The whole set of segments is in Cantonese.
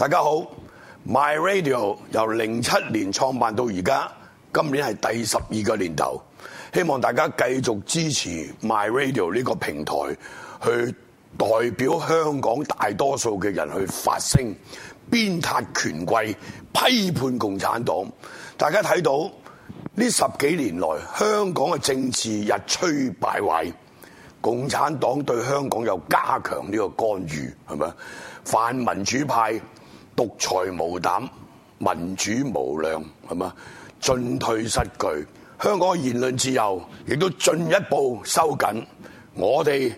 大家好，My Radio 由零七年創辦到而家，今年係第十二個年頭，希望大家繼續支持 My Radio 呢個平台，去代表香港大多數嘅人去發聲，鞭撻權貴，批判共產黨。大家睇到呢十幾年來，香港嘅政治日趨敗壞，共產黨對香港有加強呢個干預，係咪？泛民主派。獨裁無膽，民主無量，係嘛？進退失據，香港嘅言論自由亦都進一步收緊。我哋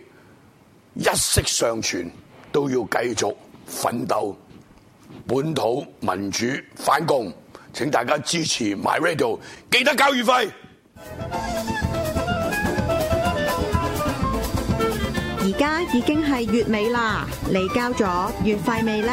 一息尚存，都要繼續奮鬥。本土民主反共，請大家支持 My Radio，記得交月費。而家已經係月尾啦，你交咗月費未呢？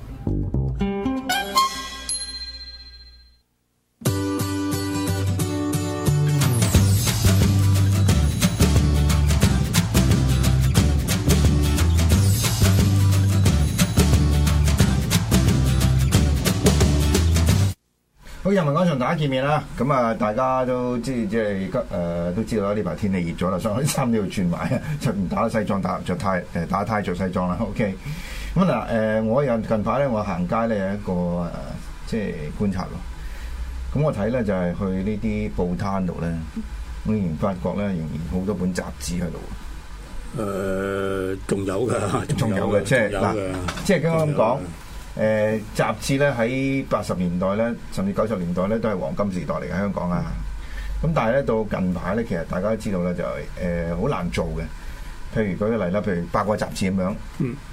人文講場大家見面啦，咁啊，大家都即係即係，而家誒、呃、都知道啦。呢排天氣熱咗啦，所以衫都要轉埋啊，就唔打西裝，打着呔誒，打呔着西裝啦。O K，咁嗱誒，我有近排咧，我行街咧有一個誒、呃，即係觀察咯。咁、嗯、我睇咧就係去呢啲報攤度咧，咁仍然發覺咧仍然好多本雜誌喺度。誒、呃，仲有嘅，仲有嘅，即係嗱，即係剛剛咁講。誒雜誌咧喺八十年代咧，甚至九十年代咧都係黃金時代嚟嘅香港啊！咁但係咧到近排咧，其實大家都知道啦，就係誒好難做嘅。譬如舉個例啦，譬如八卦雜誌咁樣，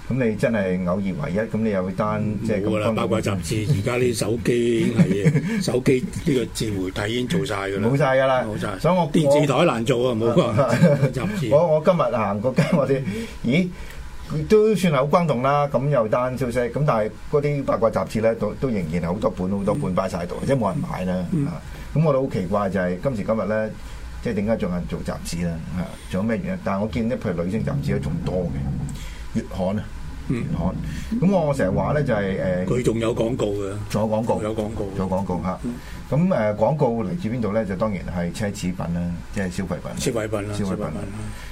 咁你真係偶爾為一，咁你有單即係冇啦。八卦雜誌而家啲手機已經係手機呢個自媒體已經做曬㗎啦，冇曬㗎啦，冇曬。所以我電視台難做啊！冇錯，雜誌。我我今日行過間，我哋咦？都算係好轟動啦，咁又單消息，咁但係嗰啲八卦雜誌咧都都仍然係好多本好多本擺晒度，嗯、即係冇人買啦嚇。咁、嗯啊、我都好奇怪就係今時今日咧，即係點解仲有人做雜誌咧？嚇、啊，仲有咩原因？但係我見咧，譬如女性雜誌都仲多嘅，月刊啊，月刊。咁、嗯、我成日話咧就係、是、誒，佢、呃、仲有廣告嘅，仲有廣告，有廣告，有廣告嚇。啊嗯咁誒、呃、廣告嚟自邊度咧？就當然係奢侈品啦，即係消費品。消費品啦、啊，消費品。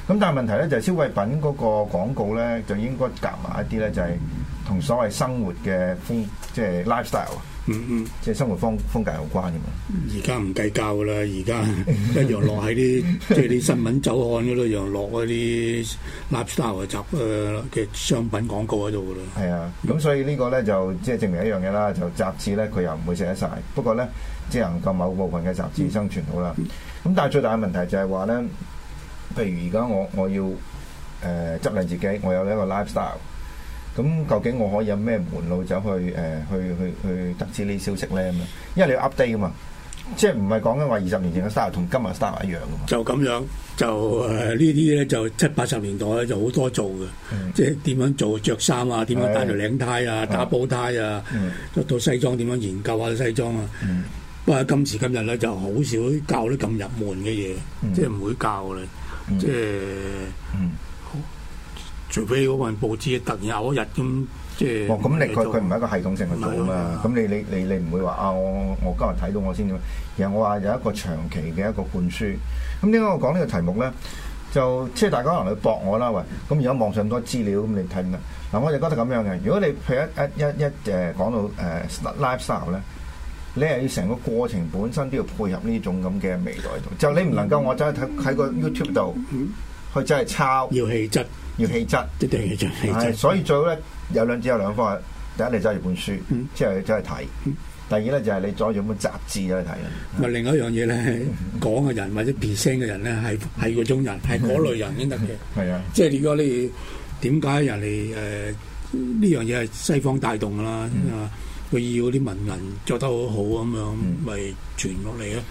咁但係問題咧，就係消費品嗰、啊就是、個廣告咧，就應該夾埋一啲咧，就係、是、同所謂生活嘅風，即、就、係、是、lifestyle。嗯嗯，即、嗯、係生活方風格有關嘅嘛。而家唔計較噶啦，而家 一樣落喺啲即係啲新聞周刊嗰度，又一樣落嗰啲 lifestyle 嘅雜嘅、呃、商品廣告喺度噶啦。係、嗯、啊，咁所以個呢個咧就即係證明一樣嘢啦，就雜誌咧佢又唔會寫得晒。不過咧，只能夠某部分嘅雜誌生存好啦。咁、嗯、但係最大嘅問題就係話咧，譬如而家我我要誒，執、呃、靚自己，我有一個 lifestyle。咁究竟我可以有咩門路走去誒、呃、去去去得知呢啲消息咧咁啊？因為你要 update 噶嘛，即係唔係講緊話二十年前嘅 style 同今日 style 一樣噶嘛，就咁樣，就誒、呃、呢啲咧就七八十年代就好多做嘅，嗯、即係點樣做着衫啊，點樣帶條領呔啊，打煲呔啊，啊嗯、到西裝點樣研究下西裝啊？嗯、不過今時今日咧就好少教啲咁入門嘅嘢，嗯、即係唔會教啦，即係。除非嗰份報紙突然有一日咁，即係咁、哦、你佢佢唔係一個系統性嘅做嘛？咁的你你你你唔會話啊！我我今日睇到我先咁。然後我話有一個長期嘅一個灌輸。咁點解我講呢個題目咧？就即係、就是、大家可能去駁我啦。喂，咁而家網上多資料咁，你睇唔？嗱、啊，我就覺得咁樣嘅。如果你譬如一一一一誒、uh, 講到誒 lifestyle 咧，uh, Life Style, 你係要成個過程本身都要配合呢種咁嘅味道度。就你唔能夠我真係睇喺個 YouTube 度去真係抄要氣質。要氣質，一定要著氣質，所以最好咧有兩隻有兩方，第一你揸住本書， 即係你走去睇；第二咧就係、是、你再攞本雜誌去睇。咪 另外一樣嘢咧，講嘅人或者 person 嘅人咧，係係嗰種人，係嗰 sort of 類人先得嘅。係啊，即係如果你點解人哋誒呢樣嘢係西方帶動嘅啦？佢 要啲文人著得好好咁樣，咪傳落嚟咯。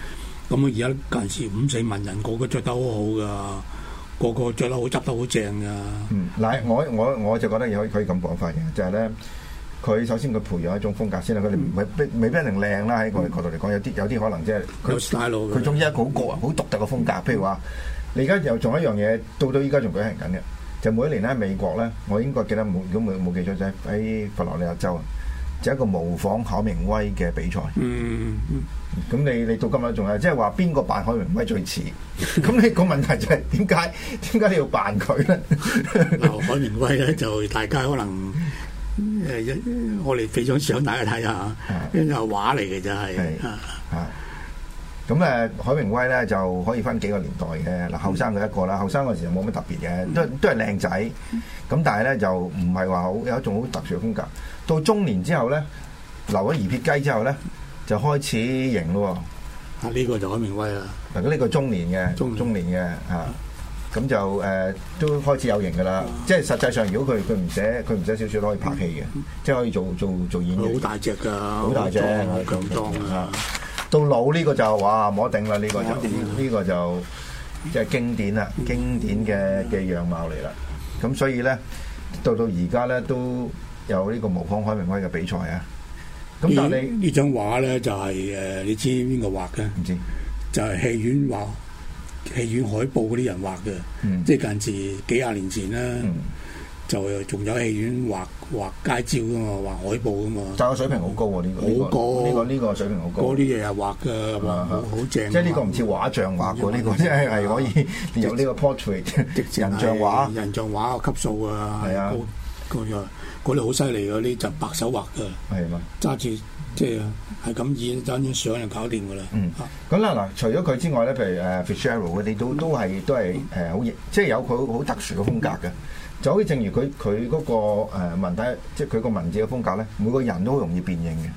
咁啊，而家近時五四文人個個著得好好噶。嗯個個着得好執得好正噶，嗯，嗱，我我我就覺得可以可以咁講法嘅，就係咧，佢首先佢培養一種風格先啦，佢哋唔係並未必一定靚啦，喺我哋角度嚟講，有啲有啲可能即係，佢佢中意一個好個人，好獨特嘅風格，譬如話，你而家又仲有一樣嘢，到到依家仲舉行緊嘅，就每一年咧喺美國咧，我應該記得，如果冇冇記錯仔喺佛羅里達州啊。就一個模仿海明威嘅比賽，嗯，咁你你到今日仲有，即係話邊個扮海明威最似？咁你個問題就係點解點解你要扮佢咧？劉海明威咧就大家可能誒，一、呃、我哋幾張相帶去睇下，呢個畫嚟嘅就係啊。咁誒，海明威咧就可以分幾個年代嘅嗱，後生嘅一個啦。後生嗰陣時冇乜特別嘅，都都係靚仔。咁但係咧就唔係話好有一種好特殊嘅風格。到中年之後咧，留咗二撇雞之後咧，就開始型咯喎。啊，呢個就海明威啦。嗱、呃，呢個中年嘅，中中年嘅嚇。咁就誒都開始有型㗎啦。啊、即係實際上，如果佢佢唔寫，佢唔寫少少都可以拍戲嘅，嗯、即係可以做做做演員。好大隻㗎，好大，大隻，咁多！啊！到老呢個就哇摸定啦，呢、這個就呢個就即係、就是、經典啦，經典嘅嘅樣貌嚟啦。咁所以咧，到到而家咧都有呢個無康海明威嘅比賽啊。咁但係呢呢張畫咧就係、是、誒，你知邊個畫嘅唔知？就係戲院畫、戲院海報嗰啲人畫嘅，即係、嗯、近時幾廿年前啦。嗯就仲有戲院畫畫街招噶嘛，畫海報噶嘛。但係個水平好高喎，呢個呢個呢個水平好高。嗰啲嘢係畫噶，係嘛？好正。即係呢個唔似畫像畫嗰呢個，即係係可以有呢個 portrait 人像畫。人像畫個級數啊，係啊，冇錯，嗰啲好犀利噶，呢就白手畫噶。係嘛？揸住即係係咁影，揸住相就搞掂噶啦。咁啦嗱，除咗佢之外咧，譬如誒 Picasso 佢哋都都係都係誒好，即係有佢好特殊嘅風格嘅。所以，正如佢佢嗰個誒、呃、文體，即係佢個文字嘅風格咧，每個人都好容易辨認嘅。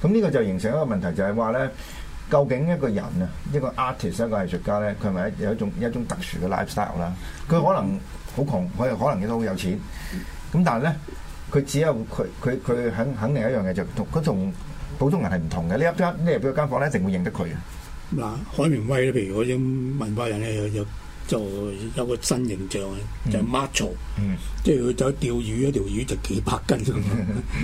咁、嗯、呢、這個就形成一個問題，就係話咧，究竟一個人啊，一個 artist 一個藝術家咧，佢咪有一種一種特殊嘅 lifestyle 啦。佢可能好窮，佢又可能亦都好有錢。咁、嗯、但係咧，佢只有佢佢佢肯肯定一樣嘢，就同佢同普通人係唔同嘅。呢入入入咗間房咧，一定會認得佢嘅。嗱、啊，海明威譬如我種文化人咧，又又。就有個新形象，就 macho，即係佢走去釣魚，一條魚值幾百斤，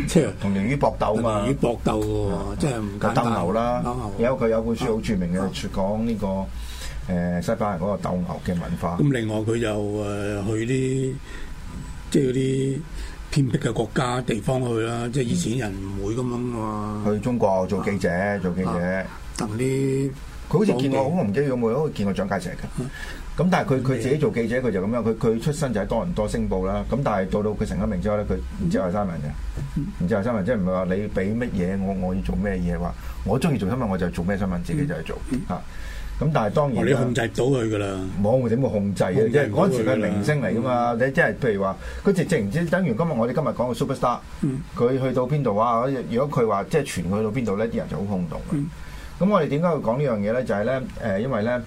即係同條魚搏鬥嘛。同魚搏鬥，即係唔簡單。鬥牛啦，有佢有本書好著名嘅，講呢個誒西班牙嗰個鬥牛嘅文化。咁另外佢就誒去啲即係嗰啲偏僻嘅國家地方去啦，即係以前人唔會咁樣嘛。去中國做記者，做記者，啲佢好似見過，好唔記得有冇，好似見過蔣介石嘅。咁但係佢佢自己做記者，佢就咁樣。佢佢出身就喺多倫多星報啦。咁但係到到佢成咗名之後咧，佢唔知話新聞嘅，唔、嗯、知話新聞即係唔係話你俾乜嘢我我要做咩嘢話，我中意做新聞我就做咩新聞，自己就去做啊。咁、嗯、但係當然，你控制到佢噶啦。冇，我點會控制咧？即係嗰陣時佢係明星嚟噶嘛。嗯、你即係譬如話，佢直直唔知，等於今日我哋今日講嘅 Superstar，佢、嗯、去到邊度啊？如果佢話即係傳佢去到邊度呢，啲人就好轟動。咁我哋點解要講呢樣嘢咧？就係咧，誒，因為咧。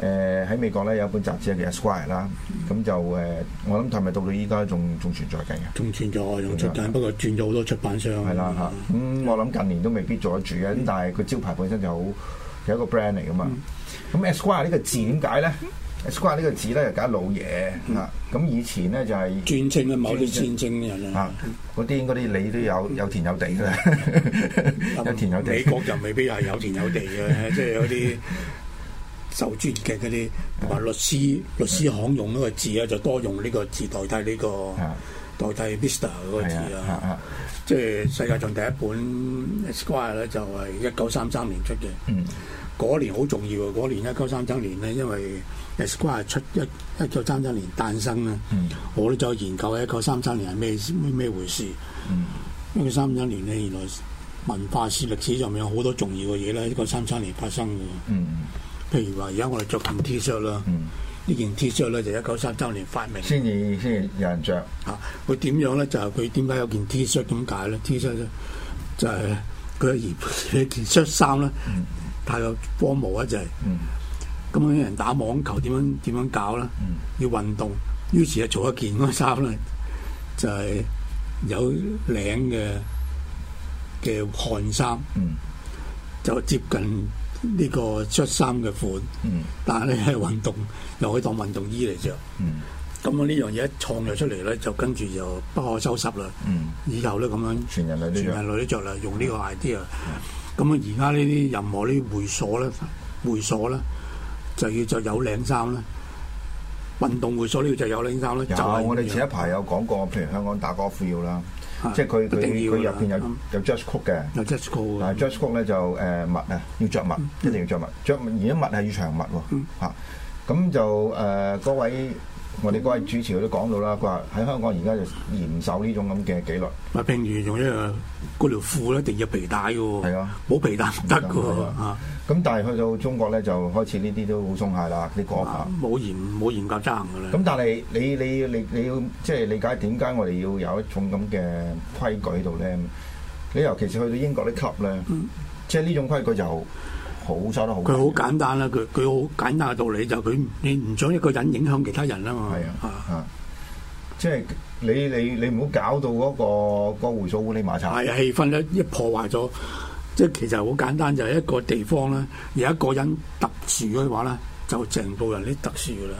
誒喺、呃、美國咧有一本雜誌叫 ire,、啊《e、嗯、Esquire 啦，咁就誒，我諗係咪到到依家仲仲存在緊嘅？仲存在仲出緊，不過轉咗好多出版商。係啦，嚇但！咁、嗯嗯、我諗近年都未必做得住嘅，咁但係佢招牌本身就好有一個 brand 嚟噶嘛。咁、啊、Esquire 呢個字點解咧 Esquire 呢個字咧又搞老嘢啊！咁以前咧就係戰爭啊，某啲戰人嗰啲嗰啲你都有有田有地㗎。有田有地，美國人未必係有田有地嘅、嗯，即係有啲。受專業嘅嗰啲，同律師 Yeah. 律師行用一個字啊，就多用呢個字代替呢、呢個 Yeah. 代替 Mr 嗰個字啊。Yeah. Yeah. 即係世界上第一本 Esquire 咧，就係一九三三年出嘅。嗯，嗰年好重要啊！嗰年一九三三年咧，因為 Esquire 出一一九三三年誕生咧。Mm. 我咧就研究一九三三年係咩咩咩回事。嗯，一九三三年咧，原來文化史歷史上面有好多重要嘅嘢咧，一九三三年發生嘅。嗯。Mm. 譬如話，而家我哋着緊 t 恤啦呢件 t 恤咧、嗯、就一九三周年發明，先至先有人著。嚇、啊，佢點樣咧？就係佢點解有件 t 恤？點解咧、嗯、t 恤就係佢件恤衫咧太有防毛啊！就係咁啲人打網球點樣點樣搞咧？嗯、要運動，於是就做一件嗰衫咧，就係、是、有領嘅嘅汗衫，就接近。呢個恤衫嘅款，但係咧係運動，又可以當運動衣嚟著。咁、嗯、樣呢樣嘢一創咗出嚟咧，就跟住就不可收拾啦。嗯、以後咧咁樣，全人類都全人類都著啦，用呢個 idea 咁啊、嗯，而家呢啲任何啲會所咧，會所咧就要就有領衫啦。運動會所呢個就有領衫啦，有啊、就有，我哋前一排有講過，譬如香港打 golf feel 啦。即係佢佢佢入邊有吧有 jazz 曲嘅。jazz 曲但係 jazz 曲咧就誒，襪啊，要着襪，一定要著襪，著而家襪係要長襪喎，嚇、嗯，咁、啊、就誒、uh, 各位。我哋嗰位主持都講到啦，佢話喺香港而家就嚴守呢種咁嘅紀律。啊、這個，譬如仲要嗰條褲一定要皮帶嘅、哦，係啊，冇皮帶唔得嘅。咁、啊啊啊、但係去到中國咧，就開始呢啲都好鬆懈啦，啲規冇嚴冇嚴格執行嘅啦。咁但係你你你你要即係、就是、理解點解我哋要有一種咁嘅規矩喺度咧？你尤其是去到英國啲 club 咧，即係呢種規矩就。佢好簡單啦，佢佢好簡單嘅道理就佢你唔想一個人影響其他人啊嘛。係啊，啊，啊即係你你你唔好搞到嗰、嗰個、啊、個會所烏裡麻擦。係、嗰個啊、氣氛咧，一破壞咗，即係其實好簡單，就係一個地方咧，有一個人特殊嘅話咧。就成部人啲特殊噶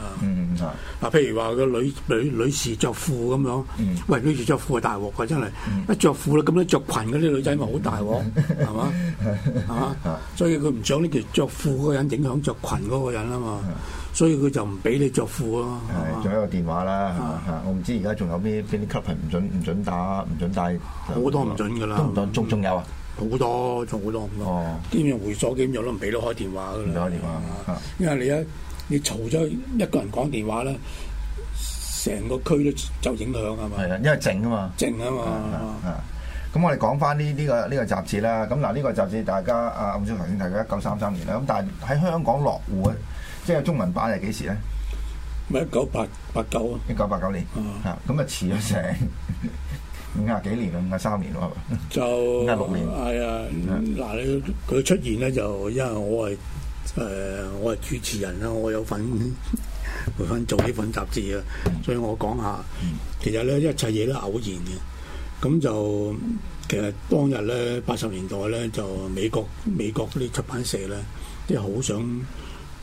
啦。嗱，譬如話個女女女士著褲咁樣，喂，佢著著褲係大鑊噶，真係一著褲咧，咁咧著裙嗰啲女仔咪好大鑊，係嘛？係嘛？所以佢唔想呢條著褲嗰個人影響著裙嗰個人啊嘛，所以佢就唔俾你著褲咯。仲有個電話啦，係我唔知而家仲有咩邊啲級別唔準唔准打唔准帶好多唔准㗎啦，都唔多重啊。好多做好多咁多，基本上會所基本上都唔俾攞開電話，唔俾開電話，吧吧因為你一你嘈咗一個人講電話咧，成個區都就影響啊嘛。係啊，因為靜啊嘛。靜啊嘛。咁我哋講翻呢呢個呢個雜誌啦。咁嗱，呢個雜誌大家啊，唔知頭先大家一九三三年啦。咁但係喺香港落戶，即係中文版係幾時咧？咪一九八八九啊，一九八九年啊，咁啊遲咗成。 五廿幾年啦，五廿三年咯，係咪？就五廿六年。係啊，嗱，佢佢出現咧，就因為我係誒、呃、我係主持人啦，我有份 有份做呢本雜誌啊，所以我講下。其實咧，一切嘢都偶然嘅。咁就其實當日咧，八十年代咧，就美國美國嗰啲出版社咧，即係好想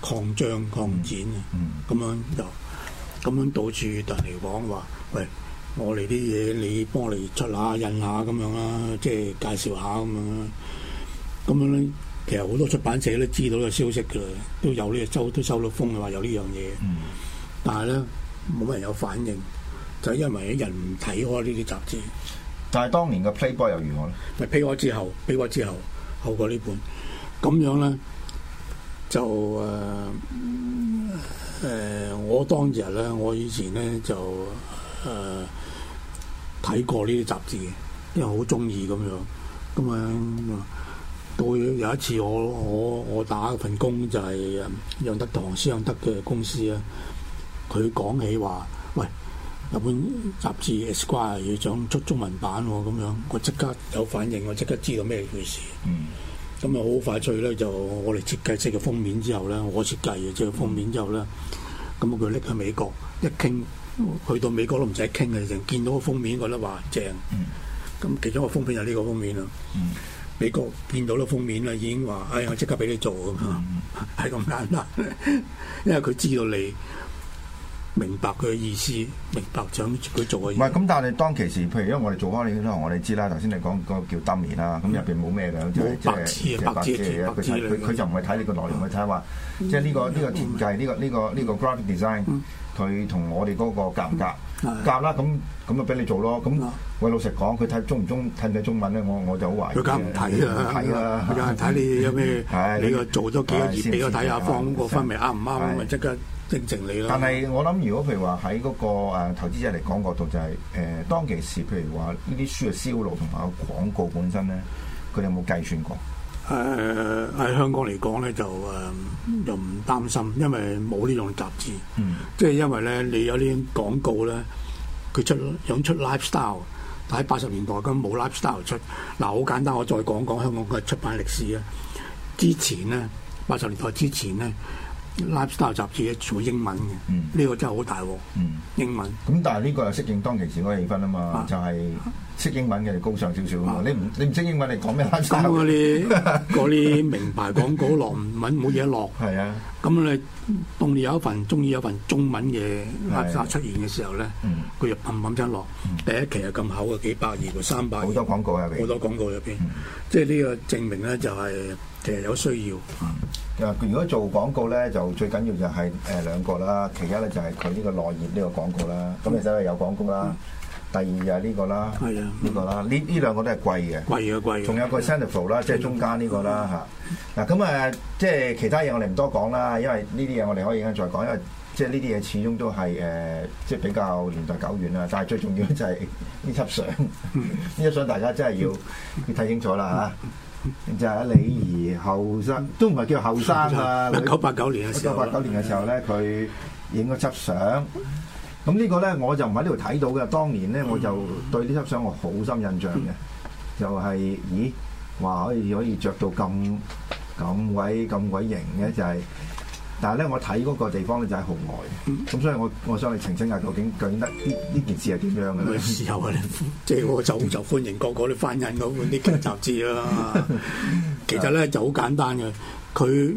擴張擴展嘅，咁、嗯嗯、樣就咁樣到處突然嚟講話，喂。我哋啲嘢，你幫我嚟出下印下咁樣啦，即係介紹下咁樣。咁樣咧，其實好多出版社都知道呢個消息嘅，都有呢、呢個、收都收到風嘅話有呢樣嘢。但係咧，冇乜人有反應，就係、是、因為人唔睇開呢啲雜誌。但係當年嘅 Playboy 又如何咧？咪 Playboy 之後 Playboy 之後好過呢本。咁樣咧，就誒誒、呃呃，我當日咧，我以前咧就誒。呃睇過呢啲雜誌嘅，因為好中意咁樣，咁啊，到有一次我我我打一份工就係、是、楊德堂、施楊德嘅公司啊，佢講起話，喂，日本雜誌《Esquire》要想出中文版喎，咁樣我即刻有反應，我即刻知道咩回事。嗯。咁啊，好快脆咧，就我哋設計識嘅封面之後咧，我設計嘅即個封面之後咧，咁佢拎去美國一傾。去到美國都唔使傾嘅，淨見到個封面覺得話正。咁其中個封面就呢個封面啦。美國見到個封面啦，已經話，哎呀，我即刻俾你做啊！係咁簡單，因為佢知道你明白佢嘅意思，明白想佢做嘅。唔係咁，但係當其時，譬如因為我哋做翻呢啲行，我哋知啦。頭先你講嗰個叫 dummy 啦，咁入邊冇咩嘅，即係係即係，佢佢就唔係睇你個內容，去睇話即係呢個呢個設計，呢個呢個呢個 graphic design。佢同我哋嗰個夾唔夾？夾啦，咁咁就俾你做咯。咁我老實講，佢睇中唔中睇唔睇中文咧？我我就好懷疑。佢梗係唔睇啦，睇啦，佢有人睇你有咩？你個做咗幾個月？俾我睇下方個分明啱唔啱？咁咪即刻認定你咯。但係我諗，如果譬如話喺嗰個誒投資者嚟講角度，就係誒當其時，譬如話呢啲書嘅銷路同埋個廣告本身咧，佢哋有冇計算過？誒喺、uh, 香港嚟講咧，就誒又唔擔心，因為冇呢種雜誌，mm. 即係因為咧你有啲廣告咧，佢出想出 lifestyle，但喺八十年代咁冇 lifestyle 出，嗱，好簡單，我再講講香港嘅出版歷史啊，之前咧八十年代之前咧。lifestyle 雜誌全英文嘅，呢個真係好大喎！英文咁，但係呢個又適應當其時嗰個氣氛啊嘛，就係識英文嘅高尚少少啊！你唔你唔識英文，你講咩 lifestyle 咁，嗰啲嗰啲名牌廣告落唔穩，冇嘢落，係啊！咁你當你有一份中意有一份中文嘅 lifestyle 出現嘅時候咧，佢就砰砰一落，第一期係咁厚嘅幾百頁到三百，好多廣告入邊！好多廣告入邊，即係呢個證明咧就係。其實有需要。啊，如果做廣告咧，就最緊要就係誒兩個啦，其一咧就係佢呢個內頁呢個廣告啦。咁其實有廣告啦，第二就係呢個啦，呢個啦，呢呢兩個都係貴嘅。貴嘅，貴！仲有個 central 啦，即係中間呢個啦嚇。嗱咁啊，即係其他嘢我哋唔多講啦，因為呢啲嘢我哋可以而家再講，因為即係呢啲嘢始終都係誒，即係比較年代久遠啦。但係最重要就係呢輯相，呢輯相大家真係要要睇清楚啦嚇。就係阿李儀後生，都唔係叫後生啊！一是女九八九年嘅時候，一 九八九年嘅時候咧，佢影咗輯相，咁呢個咧我就唔喺呢度睇到嘅。當年咧，我就對呢輯相我好深印象嘅，就係、是、咦，話可以可以着到咁咁鬼咁鬼型嘅就係、是。但係咧，我睇嗰個地方咧就喺紅外，咁所以我我想去澄清下，究竟究竟得呢呢件事係點樣嘅？時候啊， 即係我就就歡迎個個都翻印嗰啲雜誌啦。 其實咧 就好簡單嘅，佢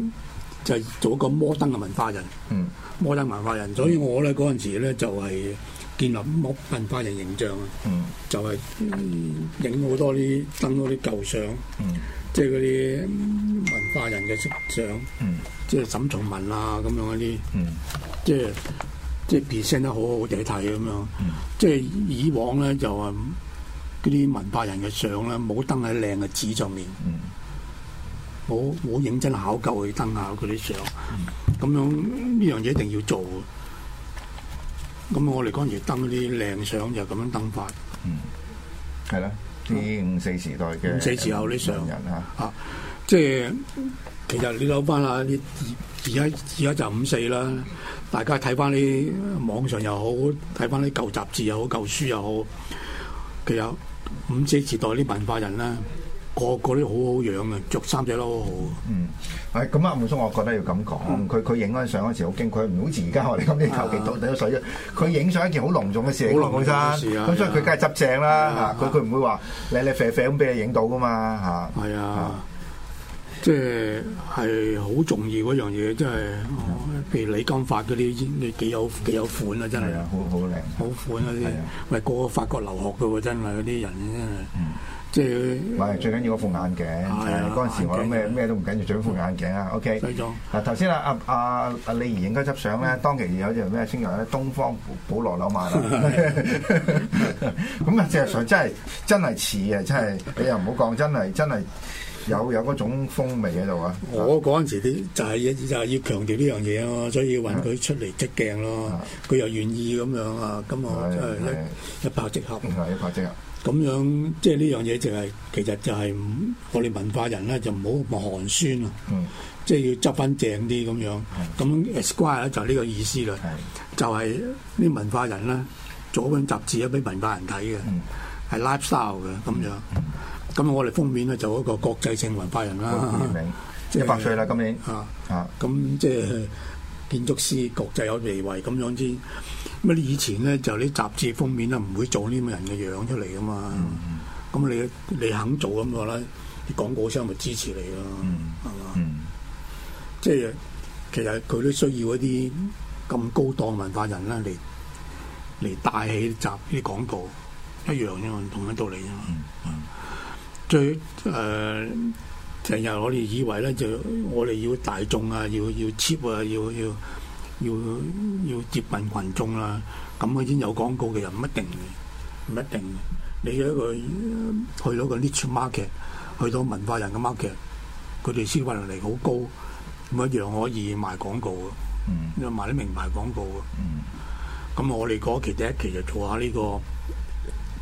就係做一個摩登嘅文化人，嗯、摩登文化人。所以我咧嗰陣時咧就係、是。建立乜文化人形象啊？嗯、就係影好多啲登嗰啲舊相，即係嗰啲文化人嘅相，即係、嗯、沈從文啦、啊、咁樣嗰啲，即係即係 present 得好好地睇咁樣。即係、嗯、以往咧就係嗰啲文化人嘅相咧冇登喺靚嘅紙上面，冇冇、嗯、認真考究去登下嗰啲相，咁、嗯、樣呢樣嘢一定要做。咁我哋嗰陣時登啲靚相就咁樣登法，嗯，係啦，啲五四時代嘅五四時代啲上人嚇啊，即係其實你諗翻啊，而而家而家就五四啦，大家睇翻啲網上又好，睇翻啲舊雜誌又好，舊書又好，其實五四時代啲文化人啦。個個都好好樣嘅，着衫仔都好。嗯，係咁啊，阿木叔，我覺得要咁講，佢佢影嗰張相嗰時好驚，佢唔好似而家我哋咁樣求其倒倒水啫。佢影相一件好隆重嘅事，好隆重嘅事啊！咁所以佢梗係執正啦，吓佢佢唔會話靚靚肥肥咁俾你影到噶嘛，吓係啊，即係係好重要嗰樣嘢，真係，譬如李金發嗰啲，你幾有幾有款啊，真係，好靚，好款嗰啲，喂，個法國留學嘅喎，真係嗰啲人真係。即係，唔係最緊要嗰副眼鏡，係嗰陣時我諗咩咩都唔緊要，就一、嗯、副眼鏡、okay、了啊。O K，嗱頭先啦，阿阿阿李儀影嗰執相咧，當其有隻咩稱號咧，東方保羅紐曼啦。咁啊，事實上真係真係似啊，真係你又唔好講，真係真係。有有嗰種風味喺度啊！我嗰陣時啲就係、是、一就係、是、要強調呢樣嘢啊，所以要揾佢出嚟執鏡咯、啊。佢、嗯、又願意咁樣啊，咁啊，一拍即合。一拍即合。咁、嗯、樣即係呢樣嘢，就係、是就是、其實就係我哋文化人咧，就唔好咁寒酸啊。即、就、係、是、要執翻正啲咁樣。咁 square、啊、就係、是、呢個意思啦、啊。就係、是、啲文化人啦，做緊雜誌啊，俾文化人睇嘅，係、嗯、lifestyle 嘅咁樣。咁我哋封面咧就是、一個國際性文化人啦，明白、啊、一百歲啦今年，啊，咁即係建築師國際有地位咁樣先。咁你以前咧就啲、是、雜誌封面咧唔會做呢個人嘅樣出嚟噶嘛。咁、嗯、你你肯做咁話咧，啲廣告商咪支持你咯，係嘛？即係其實佢都需要一啲咁高檔文化人啦，嚟嚟帶起集啲廣告，一樣啫嘛，同嘅道理啫嘛。嗯嗯最誒，成、呃、日我哋以為咧，就我哋要大眾啊，要要 cheap 啊，要要要要接近群眾啦、啊。咁佢已經有廣告嘅又唔一定嘅，唔一定嘅。你一個去到個 niche market，去到文化人嘅 market，佢哋消費能力好高，咁一樣可以賣廣告嘅，mm. 賣啲名牌廣告嘅。咁、mm. 我哋嗰期第一期就做下呢、這個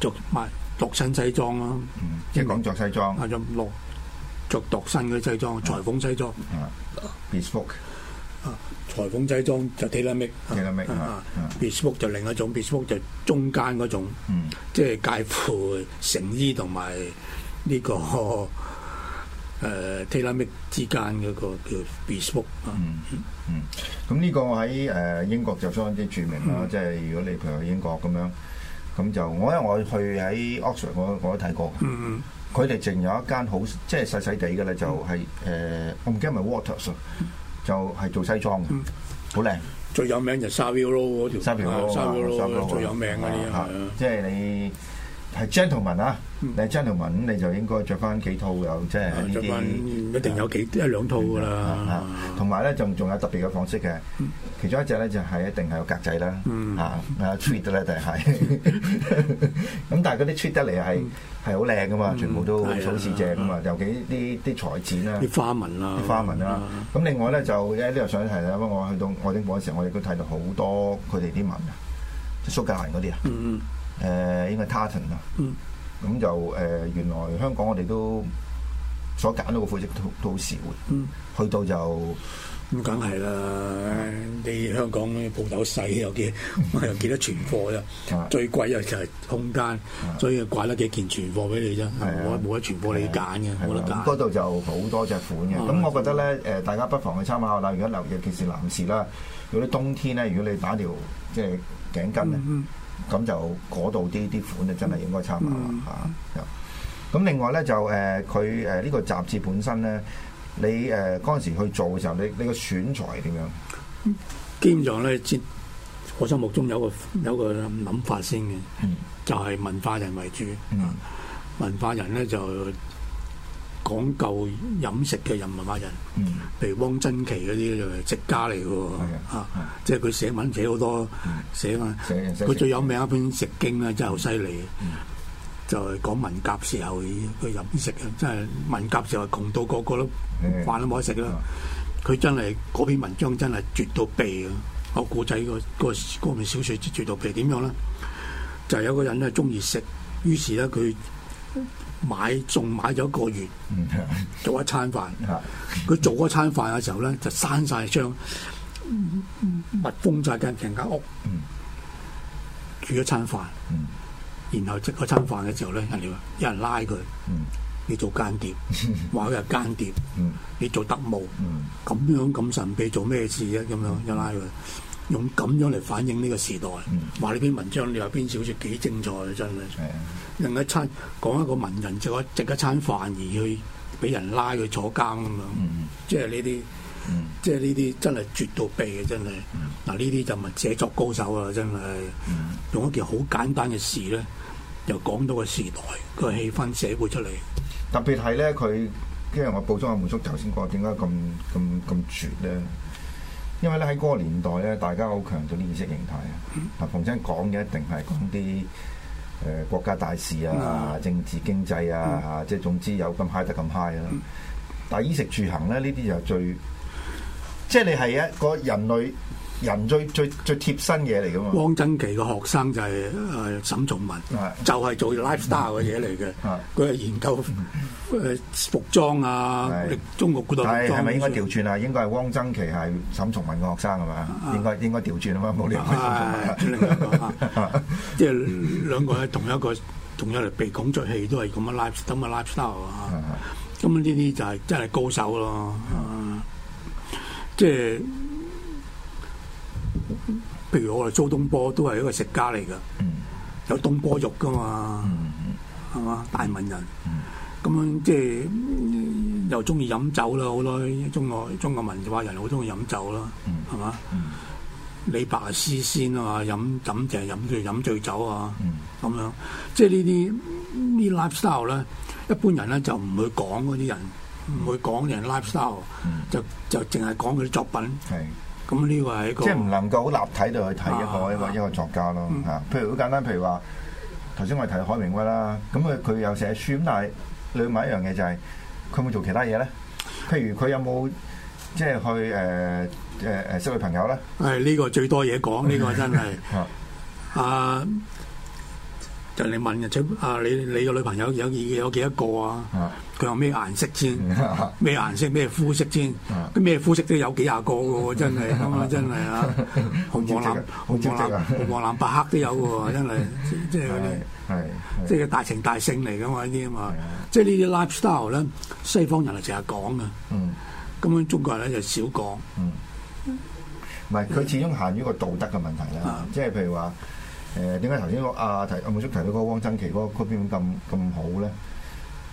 做賣。獨身西裝咯，即係講着西裝，做唔落，着獨身嘅西裝，裁縫西裝，啊，business suit，啊，裁縫西裝就 tailor made，tailor made 啊，business suit 就另一種，business suit 就中間嗰種，嗯，即係介乎成衣同埋呢個誒 tailor made 之間嗰個叫 business suit 啊，嗯嗯，咁呢個喺誒英國就相當之著名啦，即係如果你譬如去英國咁樣。咁就我因為我去喺 Oxford，我我都睇過。嗯嗯、mm，佢哋淨有一間好即係細細地嘅咧，就係誒，我唔記得係 Waters 就係做西裝嘅，好靚、mm。Hmm. 最有名就 Savile Row 嗰條。Savile Row 最有名啲係啊，即係是、啊、你。係 gentleman 啊，你 gentleman 你就應該着翻幾套有即係呢啲，一定有幾一兩套噶啦。同埋咧，仲仲有特別嘅方式嘅。其中一隻咧就係一定係有格仔啦，啊啊 tweed 咧定係。咁但係嗰啲 tweed 得嚟係係好靚噶嘛，全部都好草視正噶嘛，尤其啲啲裁剪啦，啲花紋啦，啲花紋啦。咁另外咧就呢度想提，因為我去到愛丁堡嘅時候，我亦都睇到好多佢哋啲紋，啊，即係蘇格蘭嗰啲啊。誒應該 Tartan 啊，咁就誒原來香港我哋都所揀到嘅款式都都好少，去到就咁梗係啦。你香港啲鋪頭細有幾，我有幾多存貨啫。最貴又就係空間，所以掛得幾件存貨俾你啫。係冇得存貨，你要揀嘅，冇得揀。嗰度就好多隻款嘅。咁我覺得咧，誒大家不妨去參考下啦。如果尤其是男士啦，如果冬天咧，如果你打條即係頸巾咧。咁就嗰度啲啲款就真係應該差唔多啦嚇。咁、嗯啊、另外咧就誒，佢誒呢個雜誌本身咧，你誒嗰陣時去做嘅時候，你你個選材點樣？基本上咧，我心目中有一個有一個諗法先嘅，嗯、就係文化人為主。嗯、文化人咧就。講究飲食嘅人文化人，譬如汪曾祺嗰啲食家嚟嘅， 啊，即係佢寫文寫好多寫啊，佢 最有名一篇《食經》咧，真係好犀利。 就係講文革時候佢飲食，真係文革時候窮到個個都飯都冇得食啦。佢 真係嗰篇文章真係絕到鼻啊！我故仔個個嗰篇小說絕到鼻點樣咧？就係、是、有個人咧中意食，於是咧佢。買仲買咗一個月，做一餐飯。佢做嗰餐飯嘅時候咧，就閂晒窗，密封晒間成間屋，煮一餐飯。然後食嗰餐飯嘅時候咧，有人有人拉佢，你做間諜，話佢係間諜，你做特務，咁樣咁神秘做咩事啫？咁樣一拉佢。用咁樣嚟反映呢個時代，話呢、嗯、篇文章，你話篇小説幾精彩真係，另、嗯、一餐講一個文人，就話食一餐飯而去俾人拉佢坐監咁樣，嗯、即係呢啲，嗯、即係呢啲真係絕到痹嘅真係。嗱呢啲就咪寫作高手啊真係，嗯、用一件好簡單嘅事咧，又講到個時代佢個氣氛寫活出嚟，特別係咧佢，因為我補充阿梅叔頭先講，點解咁咁咁絕咧？因為咧喺嗰個年代咧，大家好強調啲意識形態啊。啊、嗯，馮生講嘅一定係講啲誒國家大事啊、嗯、政治經濟啊即係、嗯、總之有咁 high 得咁 high 啦、嗯。但係衣食住行咧，呢啲就最即係、就是、你係一個人類。人最最最貼身嘢嚟噶嘛？汪曾祺嘅學生就係啊沈從文，就係做 lifestyle 嘅嘢嚟嘅。佢係研究誒服裝啊，中國古代服裝。係咪應該調轉啊？應該係汪曾祺係沈從文嘅學生係嘛？應該應該調轉啊嘛！冇理由。係即係兩個喺同一個同一嚟被講出嚟，都係咁嘅 lifestyle lifestyle 啊！咁呢啲就係真係高手咯。即係。譬如我哋蘇東坡都係一個食家嚟噶，有東坡肉噶嘛，係嘛，大文人，咁樣即係又中意飲酒啦，好多中國中國文化人好中意飲酒啦，係嘛？李白詩仙啊嘛，飲飲淨係飲醉飲醉酒啊，咁樣即係呢啲呢 lifestyle 咧，一般人咧就唔會講嗰啲人，唔會講人 lifestyle，就就淨係講佢啲作品。咁呢、嗯、個係一個即係唔能夠好立體度去睇一個一個、啊、一個作家咯嚇。嗯、譬如好簡單，譬如話頭先我哋睇海明威啦。咁佢佢有寫書，但係另外一樣嘢就係、是、佢有冇做其他嘢咧？譬如佢有冇即係去誒誒誒識佢朋友咧？係呢個最多嘢講，呢個真係啊。就你問人啊！你你個女朋友有有有幾多個啊？佢話咩顏色先？咩顏色？咩膚色先？啲咩膚色都有幾廿個嘅喎！真係咁啊！真係啊！紅黃藍紅黃藍紅黃藍白黑都有嘅喎！真係即係嗰啲即係大情大性嚟嘅嘛呢啲啊嘛！啊即係呢啲 lifestyle 咧，西方人係成日講嘅。咁樣、嗯、中國人咧就少講。唔係佢始終限於個道德嘅問題啦。即係、啊、譬如話。誒點解頭先個阿阿冇叔提到嗰個汪曾祺嗰個嗰片咁咁好咧？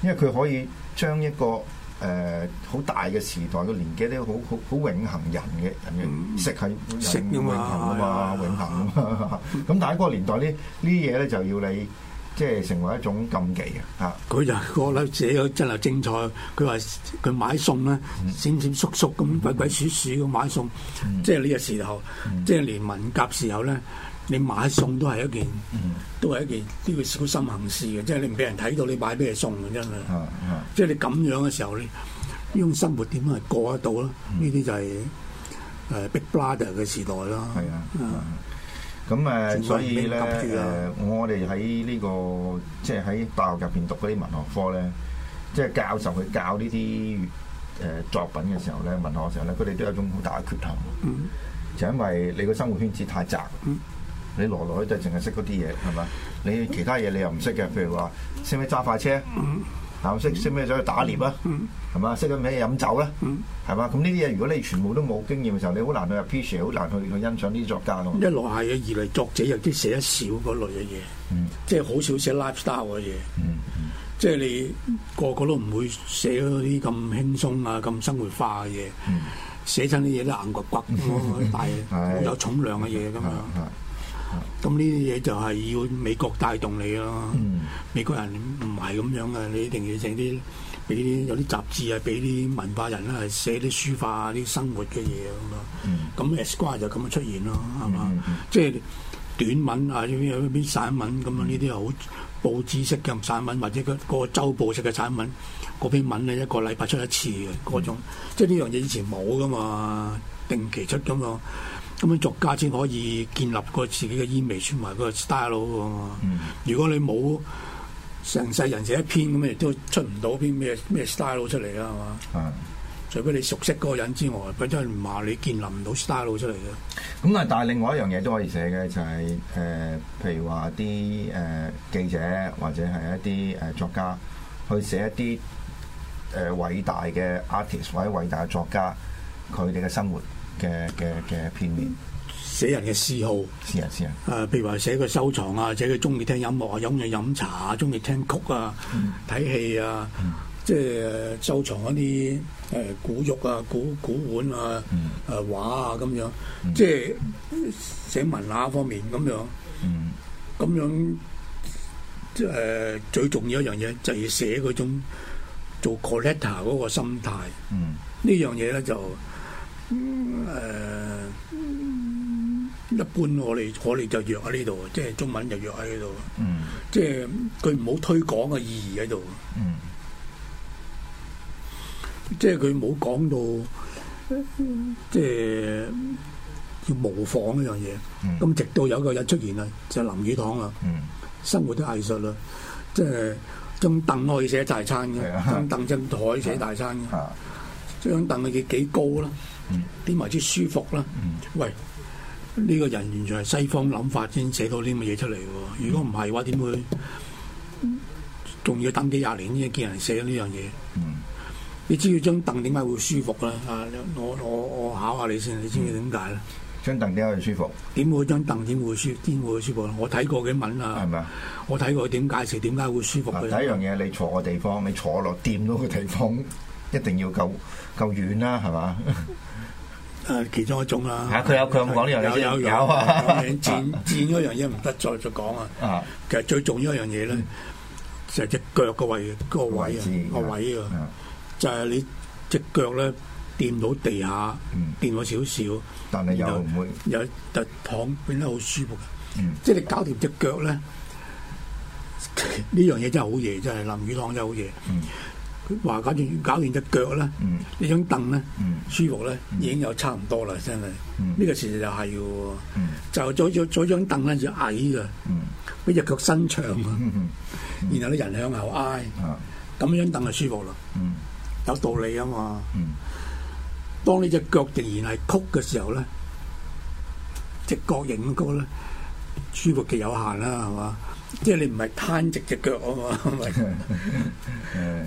因為佢可以將一個誒好大嘅時代個年紀咧，好好好永恆人嘅人嘅食係永恆噶嘛，永恆噶嘛。咁但係嗰個年代呢，呢嘢咧就要你即係成為一種禁忌嘅嚇。佢就覺得自己真係精彩，佢話佢買餸咧閃閃縮縮咁鬼鬼祟祟咁買餸，即係呢個時候，即係連文革時候咧。你買餸都係一件，都係一件呢個小心行事嘅，即係你唔俾人睇到你買俾人餸嘅真係。即係你咁樣嘅時候咧，呢種生活點樣係過得到咧？呢啲就係誒 Big Brother 嘅時代啦。係啊。咁誒，所以咧誒，我哋喺呢個即係喺大學入邊讀嗰啲文學科咧，即係教授去教呢啲誒作品嘅時候咧，文學嘅時候咧，佢哋都有一種好大嘅缺陷。就因為你個生活圈子太窄。你來來都係淨係識嗰啲嘢，係嘛？你其他嘢你又唔識嘅，譬如話識咩揸快車？嗯，係識識咩走去打獵啊？嗯，係嘛？識唔咩飲酒啦，嗯，係嘛？咁呢啲嘢，如果你全部都冇經驗嘅時候，你好難去 appreciate，好難去去欣賞呢啲作家咯。一嚟係啊，二嚟作者有啲寫得少嗰類嘅嘢，即係好少寫 lifestyle 嘅嘢。即係你個個都唔會寫嗰啲咁輕鬆啊、咁生活化嘅嘢。嗯，寫親啲嘢都硬骨骨咯，但係有重量嘅嘢咁樣。係。咁呢啲嘢就係要美國帶動你咯、嗯，美國人唔係咁樣嘅，你一定要整啲俾啲有啲雜誌啊，俾啲文化人啊，寫啲書法啊，啲生活嘅嘢咁咯。咁、嗯《Esquire》就咁樣出現咯，係嘛、嗯？即、嗯、係短文啊，呢啲呢啲散文咁樣，呢啲又好報紙式嘅散文，或者個週報式嘅散文，嗰篇文咧一個禮拜出一次嘅嗰、嗯、種，即係呢樣嘢以前冇噶嘛，定期出噶嘛。咁樣作家先可以建立個自己嘅煙味，傳埋個 style 噶嘛。嗯、如果你冇成世人寫一篇，咁亦都出唔到篇咩咩 style 出嚟啦，係嘛、嗯？係。除非你熟悉嗰個人之外，佢真係唔話你建立唔到 style 出嚟嘅。咁啊、嗯，但係另外一樣嘢都可以寫嘅就係、是、誒、呃，譬如話啲誒記者或者係一啲誒、呃、作家去寫一啲誒、呃、偉大嘅 artist 或者偉大嘅作家佢哋嘅生活。嘅嘅嘅片面，寫人嘅嗜好，嗯呃、寫人寫人誒，譬如話寫佢收藏啊，寫佢中意聽音樂啊，飲嘢飲茶啊，中意聽曲啊，睇、嗯、戲啊，即係、嗯、收藏一啲誒古玉啊、古古碗啊、誒、嗯啊、畫啊咁樣，即係、嗯、寫文雅、啊、方面咁樣。嗯，咁樣即係、就係呃、最重要一樣嘢，就係寫嗰種做 collector 嗰個心態。嗯，呢樣嘢咧就。嗯 嗯，誒，一般我哋我哋就約喺呢度，即係中文就約喺呢度。即係佢唔好推廣嘅意義喺度。即係佢冇講到，即係要模仿呢樣嘢。咁直到有個人出現啦，就係林語堂啦。生活的藝術啦，即係張凳可以寫大餐嘅，張凳張台寫大餐嘅，張凳佢幾高啦。點為之舒服啦，嗯、喂，呢、呢個人完全係西方諗法先寫到啲咁嘅嘢出嚟。嗯、如果唔係話，點會仲要等幾廿年先見人寫呢樣嘢？嗯、你知唔知張凳點解會舒服啦、嗯？我我我考下你先，你知唔知點解咧？張凳點解會舒服？點會張凳點會舒？點會舒服我睇過嘅文啦，係嘛？我睇過點解釋，點解吧會舒服、啊、第一樣嘢，你坐嘅地方，你坐落掂到個地方一定要夠夠軟啦，係嘛？誒，其中一種啦，啊，佢有佢唔講呢樣嘢先，有啊，掂掂嗰樣嘢唔得，再再講啊。其實最重要一樣嘢咧，就係隻腳個位，個位啊，個位啊，就係你隻腳咧掂到地下，掂個少少，但係又唔會，有，就躺變得好舒服。嗯，即係你搞掂隻腳咧，呢樣嘢真係好嘢，真係淋雨真係好嘢。佢話：搞掂搞完隻腳咧，呢張凳咧舒服咧，已經有差唔多啦，真係。呢個事實就係喎，就坐坐坐張凳咧，就矮嘅，畀隻腳伸長啊，然後啲人向後挨，咁樣凳就舒服啦。有道理啊嘛。當你隻腳仍然係曲嘅時候咧，直角形嗰高咧舒服極有限啦，係嘛？即係你唔係攤直隻腳啊嘛，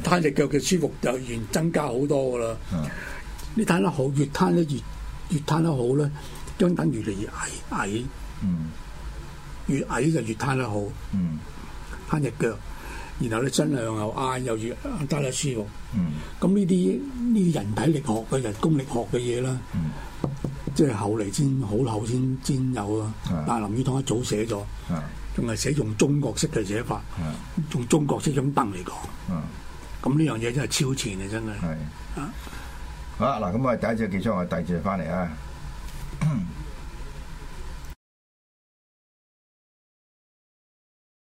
攤隻 腳嘅舒服就原增加好多噶啦。啊、你攤得好，越攤咧越越攤得好咧，張凳越嚟越矮矮。嗯，越矮就越攤得好。嗯，攤隻腳，然後咧質量又矮又越攤得舒服。嗯，咁呢啲呢啲人體力學嘅人工力學嘅嘢啦。嗯、即係後嚟先好後先先有啊。但林語堂一早寫咗。嗯嗯仲係寫用中國式嘅寫法，用中國式咁燈嚟講，咁呢、嗯、樣嘢真係超前是啊！真係，好啦嗱，咁我哋第一次寄出，我哋第二次翻嚟啊。